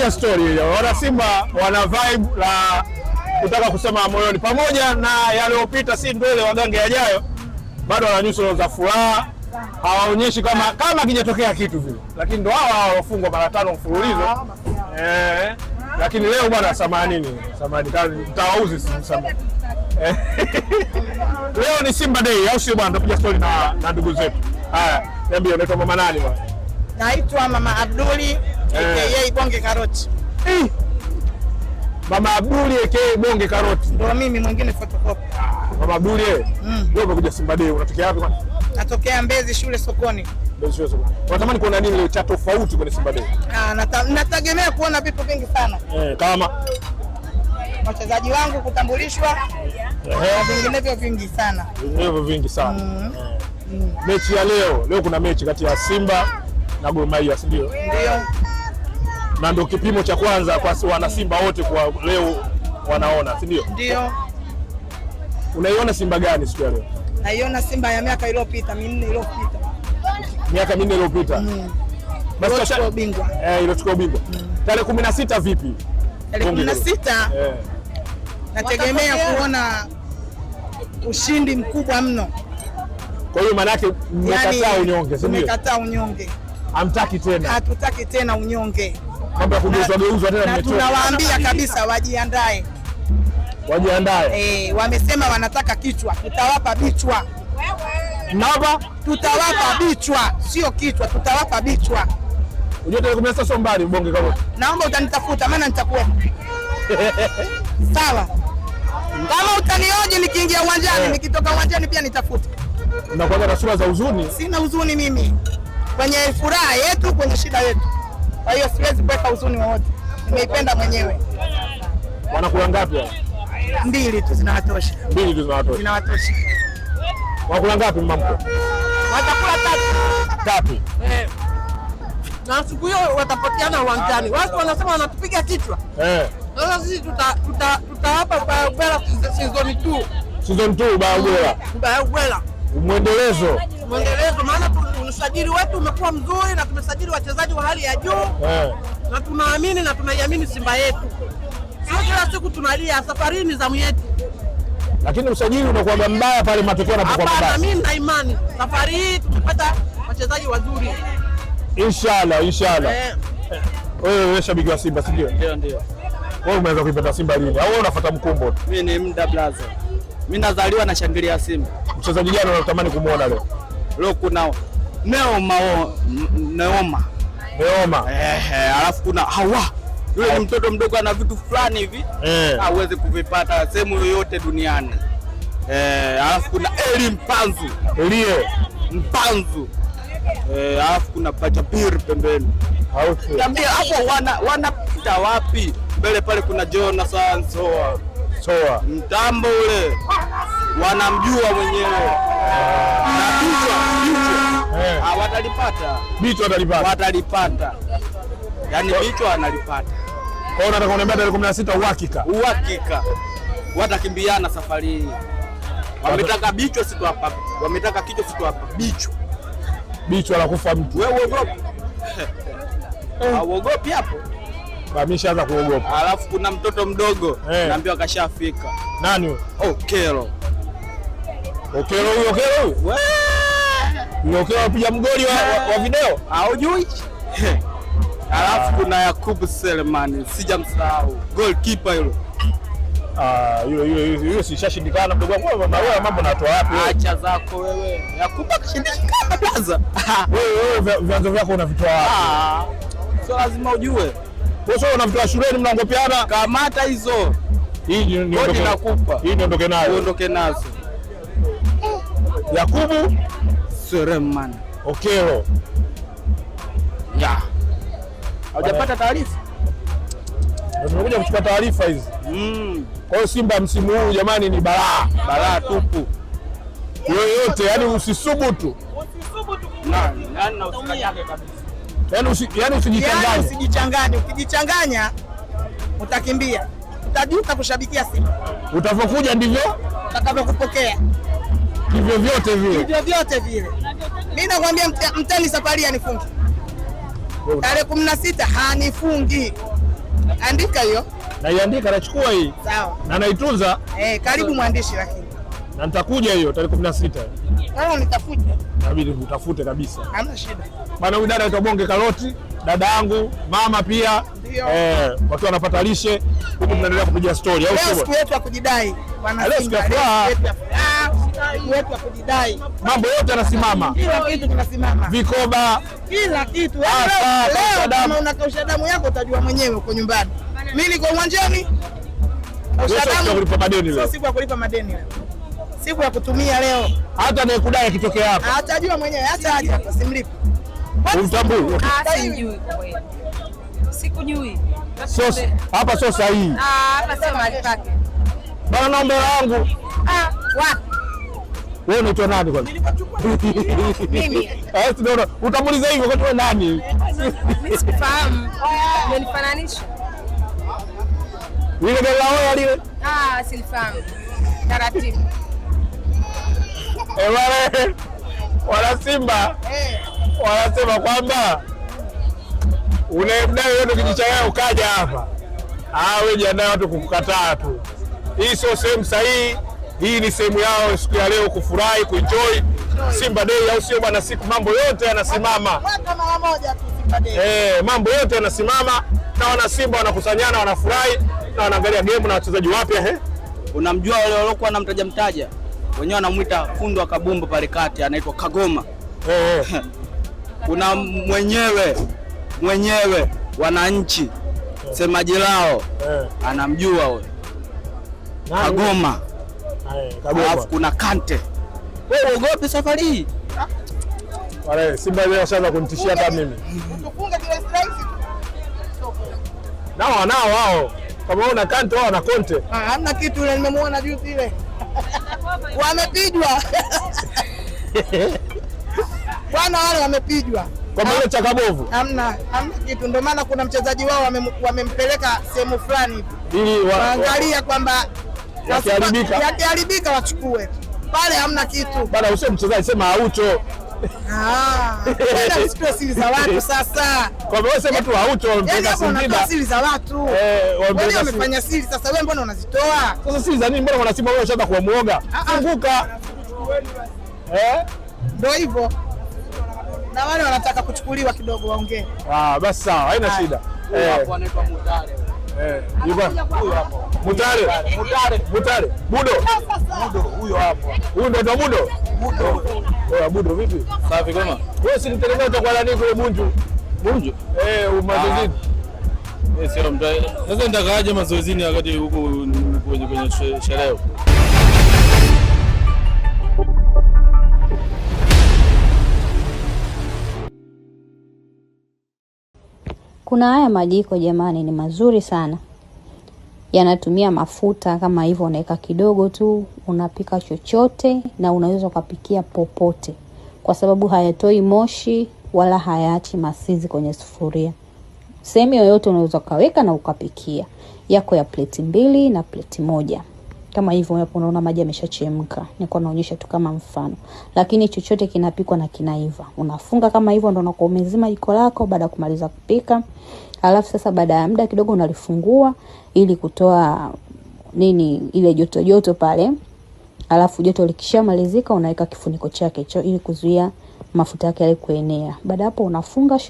moja stori hiyo. Wana Simba wana vibe la kutaka kusema moyoni, pamoja na yaliyopita, si ndwele wagange yajayo, bado wana nyuso za furaha, hawaonyeshi kama kama kijatokea kitu vile, lakini ndo hawa wafungwa mara tano mfululizo eh, lakini leo bwana, samanini samanini, tawauzi samanini eh, leo ni Simba Day, au sio bwana? Tupiga stori na, na ndugu zetu. Haya, niambie, unaitwa mama nani bwana? Naitwa mama Abduli aka eh. Ibonge Karoti. Eh. Mama Abduli aka Bonge Karoti. Ndio mimi mwingine photocopy. Ah, Mama Abduli eh. Mm. Wewe umekuja Simba Day unatokea wapi kwani? Natokea Mbezi shule sokoni. Mbezi shule sokoni. Unatamani kuona nini leo cha tofauti kwenye Simba Day? Ah, nategemea kuona vitu vingi sana. Eh, kama wachezaji wangu kutambulishwa Eh, yeah. vinginevyo vingi sana. Vinginevyo vingi sana. Mm. Mm. Mechi ya leo, leo kuna mechi kati ya Simba na Gor Mahia, si ndio? Ndio na ndio kipimo cha kwanza kwa wana Simba wote kwa leo wanaona, si ndio? Ndio. Unaiona Simba gani siku ya leo? Naiona Simba ya miaka iliyopita minne iliyopita, miaka minne iliyopita Mm. Basi iliyochukua ubingwa eh, mm. tarehe kumi na sita. Vipi tarehe kumi na sita? Eh, nategemea kuona ushindi mkubwa mno. Kwa hiyo maana yake mmekataa yaani, unyonge, si ndio? Mmekataa unyonge. Hamtaki tena. Hatutaki tena unyonge. Mambo ya kugeuzwa geuzwa tena Tunawaambia kabisa wajiandae. Wajiandae. Eh, wamesema wanataka kichwa, tutawapa bichwa. Naba, tutawapa bichwa, sio kichwa, tutawapa bichwa. Unajua tarehe 16 sio mbali mbonge kama. Naomba utanitafuta maana nitakuwa. Sawa. Kama utanioje nikiingia uwanjani, eh. nikitoka uwanjani pia nitafuta Na na sura za huzuni. Sina huzuni mimi kwenye furaha yetu, kwenye shida yetu. Kwa hiyo siwezi kuweka huzuni wowote, nimeipenda mwenyewe. Wanakula ngapi? Mbili tu zinawatosha. Mbili tu zinawatosha. Zinawatosha. Wanakula ngapi mamko? Watakula tatu. Tatu. Eh. Na hiyo watapatiana uwanjani. Watu wanasema wanatupiga kichwa. Eh. Sasa sisi tutawapa tuta, tuta Bayaugwela season 2. Season 2 Bayaugwela. Bayaugwela. Mwendelezo. Mwendelezo maana tu usajili wetu umekuwa mzuri na tumesajili wachezaji wa hali ya juu yeah. na tunaamini na tunaiamini Simba yetu, sio kila siku tunalia, safari ni zamu yetu. Lakini usajili unakuwa mbaya pale matokeo yanapokuwa mabaya. Hapana, mimi na imani safari hii tumepata wachezaji wazuri inshallah, inshallah. Eh. Wewe yeah. shabiki wa Simba si ndio? Ndio, ndio. Wewe umeanza kuipata Simba lini au wewe unafuata mkumbo tu? Mimi ni mda blaza, mimi nazaliwa na shangilia Simba. Mchezaji gani unatamani kumuona leo? Leo kunao Neoma Neoma Neoma, eh, alafu kuna hawa yule ni mtoto mdogo ana vitu fulani hivi eh, aweze kuvipata sehemu yoyote duniani eh, alafu kuna Eli Mpanzu Elie Mpanzu eh, alafu kuna Pachapiri pembeni niambie hapo wana wanapita wapi? Mbele pale kuna Jonathan Soa Soa mtambo ule wanamjua mwenyewe na kichwa kichwa hey. Eh. Ah, watalipata bicho, watalipata watalipata, yani bicho analipata. Kwa hiyo unataka kuniambia tarehe 16 uhakika, uhakika watakimbiana safari hii. Wametaka bicho situ hapa, wametaka kichwa situ hapa, bicho bicho la mtu. Wewe uogopi? Eh. auogopi hapo? Ameshaanza kuogopa. Alafu kuna mtoto mdogo hey. Eh. Naambiwa kashafika. Nani? Okelo. Okelo huyo, Okelo huyo. Mngeokewa wapiga mgoli wa, wa, wa video haujui. Alafu kuna Yakub Selemani sijamsahau goalkeeper yule. Ah, yule yule yule si shashindikana mdogo wangu. mama Wewe mambo natoa wapi wewe? Acha zako wewe. Yakub akishindikana blaza. Wewe wewe vyanzo vyako unavitoa wapi? Ah. Sio lazima ujue. Wewe sio unamtoa shuleni mnaongopeana. Kamata hizo. Hii ni ndio nakupa. Hii ndoke nayo. Ndoke nazo. Yakubu Suleiman Okelo. Ya. taarifa? Tumekuja kuchukua taarifa hizi. Mm. Kwa hiyo Simba msimu huu jamani ni balaa, balaa tupu. Yoyote yani usisubutu. Usisubutu. usijichanganye. Usijichanganye. Ukijichanganya utakimbia. Utajuta kushabikia Simba. Utavokuja ndivyo utakavyokupokea. Hivyo vyote vile. Hivyo vyote vile mimi nakwambia mtani safari anifungi tarehe kumi na sita hanifungi. Andika hiyo, naiandika, nachukua hii sawa, na naitunza. Eh, karibu mwandishi, lakini na nitakuja hiyo tarehe kumi na sita nitakuja, inabidi utafute kabisa, hamna shida bana. Huyu dada aitwa Bonge Karoti, dada yangu mama pia eh, watu wanapata lishe huku, tunaendelea kupiga stori au sio? Siku yetu ya kujidai, siku ya furaha yetu ya kujidai, mambo yote yanasimama, kila kitu kinasimama, vikoba, kila kitu. Leo kama unakausha damu yako utajua mwenyewe uko nyumbani. Mimi niko uwanjani, siku ya kulipa madeni leo, siku ya kutumia leo. Hata anayekudai akitokea hapa atajua mwenyewe, hata aje simlipi, umtambui ah, ah, sikujui hapa, sio sahihi. Ah, naomba wangu. Ah, wapi? Wewe unaitwa nani kwanza? Mimi. Eh, tunaona utamuliza hivyo kwa tuwe nani? Mimi sifahamu. Umenifananisha. Lile gari la oya lile? Ah, silifahamu. Taratibu. Eh, wale wala Simba Eh. wanasema kwamba unamdai wewe kijiji chao ukaja hapa. Ah, wewe jana watu kukukataa tu. Hii sio sehemu sahihi hii ni sehemu yao siku ya leo kufurahi, kuenjoy Simba Day, au sio bwana? Siku mambo yote yanasimama, eh, mambo yote yanasimama na wana Simba wanakusanyana, wanafurahi na wanaangalia game na wachezaji wapya. He, eh? unamjua wale waliokuwa wanamtaja mtaja wenyewe, anamwita fundo wa kabumba pale kati, anaitwa Kagoma. Eh, eh. kuna mwenyewe mwenyewe wananchi eh. semaji lao, anamjua huyo Kagoma alafu kuna Kante. Wewe uogope safari hii? Wale Simba leo sasa kunitishia hata mimi. Tufunge kile strike. Nao wanao wao. Kama una Kante wao na Conte. Ah, hamna kitu ile nimemwona juzi ile. Wamepijwa. Bwana wale wamepijwa. Kwa maana cha kabovu. Hamna, hamna kitu. Ndio maana kuna mchezaji wao wamempeleka sehemu fulani. Ili waangalia kwamba yakiharibika wachukue pale, hamna kitu bana. Usio mchezaji, sema hauto ah, siri za watu sasa. Sema tu hauto, yaani siri za watu eh, wamefanya siri. Sasa wewe mbona unazitoa sasa? Siri za nini? Mbona Mwanasimba wewe ushaanza kuwa muoga? Ah, ah. Funguka, eh? ndio hivyo na wale wanataka kuchukuliwa kidogo, waongee. Ah, basi sawa, haina shida. Mutare Mutare Budo huyo hapo, huyu ndo ndo Budo Budo. Vipi, safi kama wewe, si nitegemea utakuwa nani kule Bunju Bunju? Eh, umazoezi ah. eh, sio mtu. Sasa nitakaaje mazoezini wakati huko kwenye sherehe Kuna haya majiko jamani, ni mazuri sana, yanatumia mafuta kama hivyo, unaweka kidogo tu, unapika chochote na unaweza ukapikia popote, kwa sababu hayatoi moshi wala hayaachi masizi kwenye sufuria. Sehemu yoyote unaweza ukaweka na ukapikia yako ya pleti mbili na pleti moja kama hivyo hapo, unaona maji yameshachemka, niko naonyesha tu kama mfano, lakini chochote kinapikwa na kinaiva. Unafunga kama hivyo, ndio unakuwa umezima jiko lako baada ya kumaliza kupika. Alafu sasa, baada ya muda kidogo, unalifungua ili kutoa nini, ile joto joto pale. Alafu joto likishamalizika, unaweka kifuniko chake cho ili kuzuia mafuta yake yale kuenea. Baada hapo, unafunga.